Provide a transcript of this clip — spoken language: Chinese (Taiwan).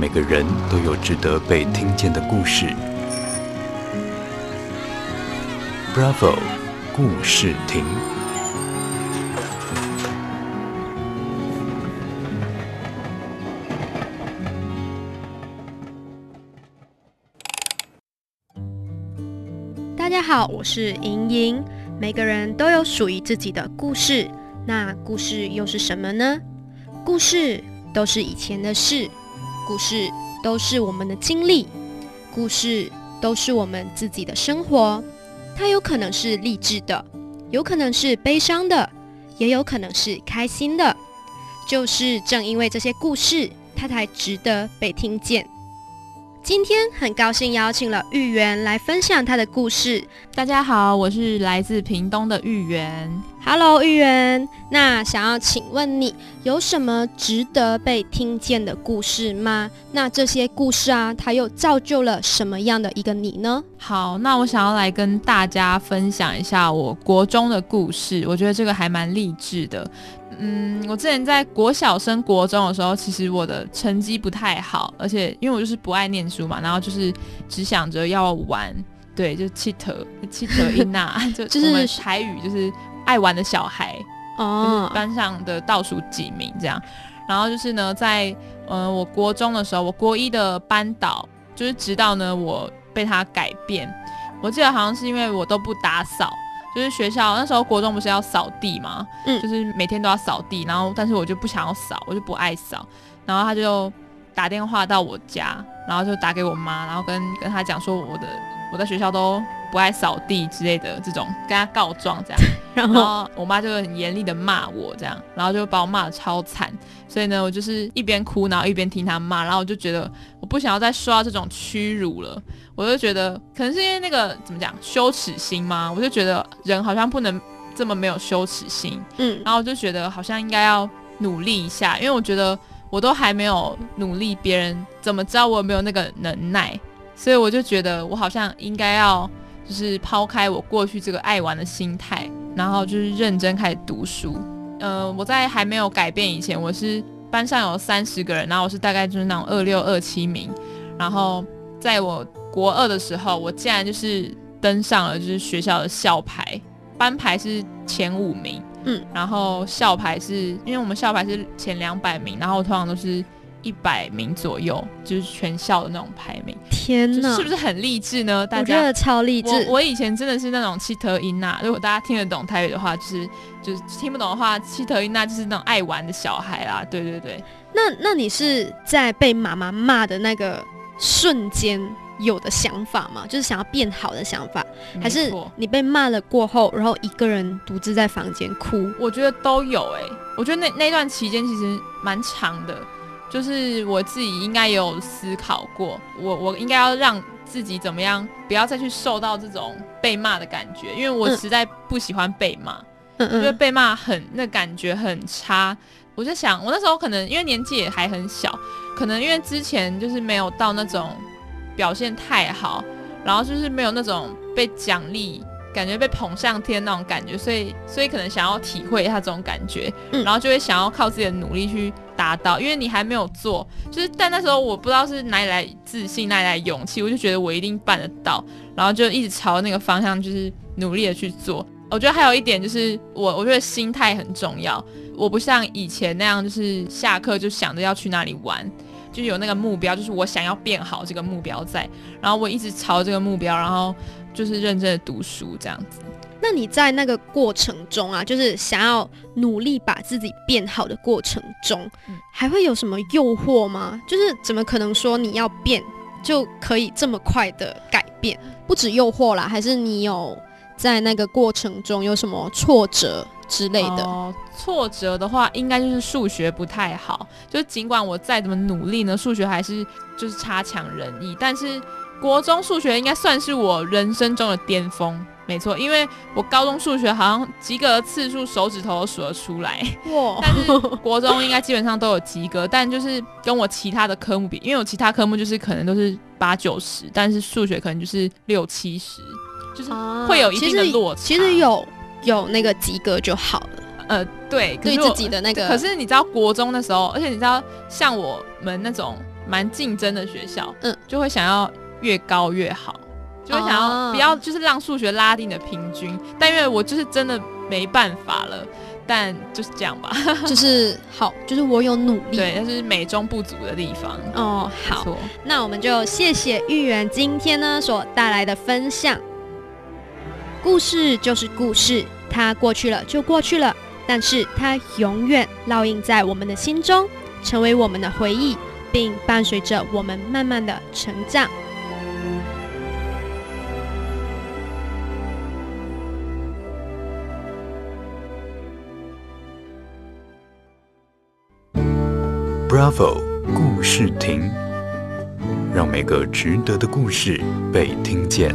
每個人都有值得被聽見的故事。Bravo，故事亭。大家好，我是瑩瑩。每個人都有屬於自己的故事，那故事又是什麼呢？故事都是以前的事。故事都是我們的經歷，故事都是我們自己的生活。它有可能是勵志的，有可能是悲傷的，也有可能是開心的。就是正因為這些故事，它才值得被聽見。今天很高興邀請了玉園來分享他的故事。大家好，我是來自屏東的玉園。哈嘍，芋圓，那想要請問你有什麼值得被聽見的故事嗎？那這些故事啊，它又造就了什麼樣的一個你呢？好，那我想要來跟大家分享一下我國中的故事，我覺得這個還蠻勵志的。嗯，我之前在國小升國中的時候，其實我的成績不太好，而且因為我就是不愛念書嘛，然後就是只想着要玩，對，就 cheat，cheat 一 那、就是，就就是台語就是。愛玩的小孩，oh. 就是班上的倒數幾名這樣。然後就是呢，在呃，我國中的時候，我國一的班導就是直到呢，我被他改變。我記得好像是因為我都不打掃，就是學校那時候國中不是要掃地嗎？嗯。就是每天都要掃地。然後，但是我就不想要掃，我就不愛掃。然後他就打電話到我家，然後就打給我媽，然後跟跟他講說我的我在學校都不愛掃地之類的這種，跟他告狀這樣。 然後我媽就很嚴厲的罵我，這樣，然後就把我罵得超慘，所以呢，我就是一邊哭，然後一邊聽她罵，然後我就覺得我不想要再受到這種屈辱了，我就覺得可能是因為那個怎麼講羞恥心嗎？我就覺得人好像不能這麼沒有羞恥心，嗯，然後我就覺得好像應該要努力一下，因為我覺得我都還沒有努力，別人怎麼知道我有沒有那個能耐？所以我就覺得我好像應該要就是拋開我過去這個愛玩的心態。然後就是認真開始讀書。呃，我在還沒有改變以前，我是班上有三十個人，然後我是大概就是那種二六二七名。然後在我國二的時候，我竟然就是登上了就是學校的校牌，班排是前五名。嗯，然後校牌是，因為我們校牌是前兩百名，然後通常都是。一百名左右，就是全校的那種排名。天吶，就是，是不是很勵志呢？大家我覺得超勵志我。我以前真的是那種氣特一娜，如果大家聽得懂台語的話，就是就是聽不懂的話，氣特一娜就是那種愛玩的小孩啦。對對對。那那你是在被媽媽罵的那個瞬間有的想法嗎？就是想要變好的想法，還是你被罵了過後，然後一個人獨自在房間哭？我覺得都有誒、欸。我覺得那那段期間其實蠻長的。就是我自己應該有思考過，我我應該要讓自己怎麼樣，不要再去受到這種被罵的感覺，因為我實在不喜歡被罵，因為、嗯、就是、被罵很那感覺很差。我就想，我那時候可能因為年紀也還很小，可能因為之前就是沒有到那種表現太好，然後就是沒有那種被獎勵，感覺被捧上天那種感覺，所以所以可能想要體會一下這種感覺，然後就會想要靠自己的努力去。達到，因為你還沒有做，就是，但那時候我不知道是哪裡來自信，哪裡來勇氣，我就覺得我一定辦得到，然後就一直朝那個方向，就是努力的去做。我覺得還有一點就是，我我覺得心態很重要。我不像以前那樣，就是下課就想着要去哪裡玩，就有那個目標，就是我想要變好這個目標在，然後我一直朝這個目標，然後就是認真的讀書這樣子。那你在那個過程中啊，就是想要努力把自己變好的過程中，還會有什麼誘惑嗎？就是怎麼可能說你要變就可以這麼快的改變？不止誘惑啦，還是你有在那個過程中有什麼挫折之類的？呃，挫折的話，應該就是數學不太好。就儘管我再怎麼努力呢，數學還是就是差強人意。但是國中數學應該算是我人生中的巔峰。沒錯，因為我高中數學好像及格的次數手指頭都數得出來哇，但是國中應該基本上都有及格， 但就是跟我其他的科目比，因為我其他科目就是可能都是八九十，但是數學可能就是六七十，就是會有一定的落差。啊，其實，其實有有那個及格就好了。呃，對，對自己的那個。可是你知道國中的時候，而且你知道像我們那種蠻競爭的學校，嗯，就會想要越高越好。就想要不要，就是讓數學拉低你的平均。Oh. 但因為我就是真的沒辦法了，但就是這樣吧。 就是好，就是我有努力。對，但，就是美中不足的地方哦，oh。好，那我們就謝謝芋圓今天呢所帶來的分享。 故事就是故事，它過去了就過去了，但是它永遠烙印在我們的心中，成為我們的回憶，並伴隨着我們慢慢的成長。Bravo 故事亭，讓每個值得的故事被聽見。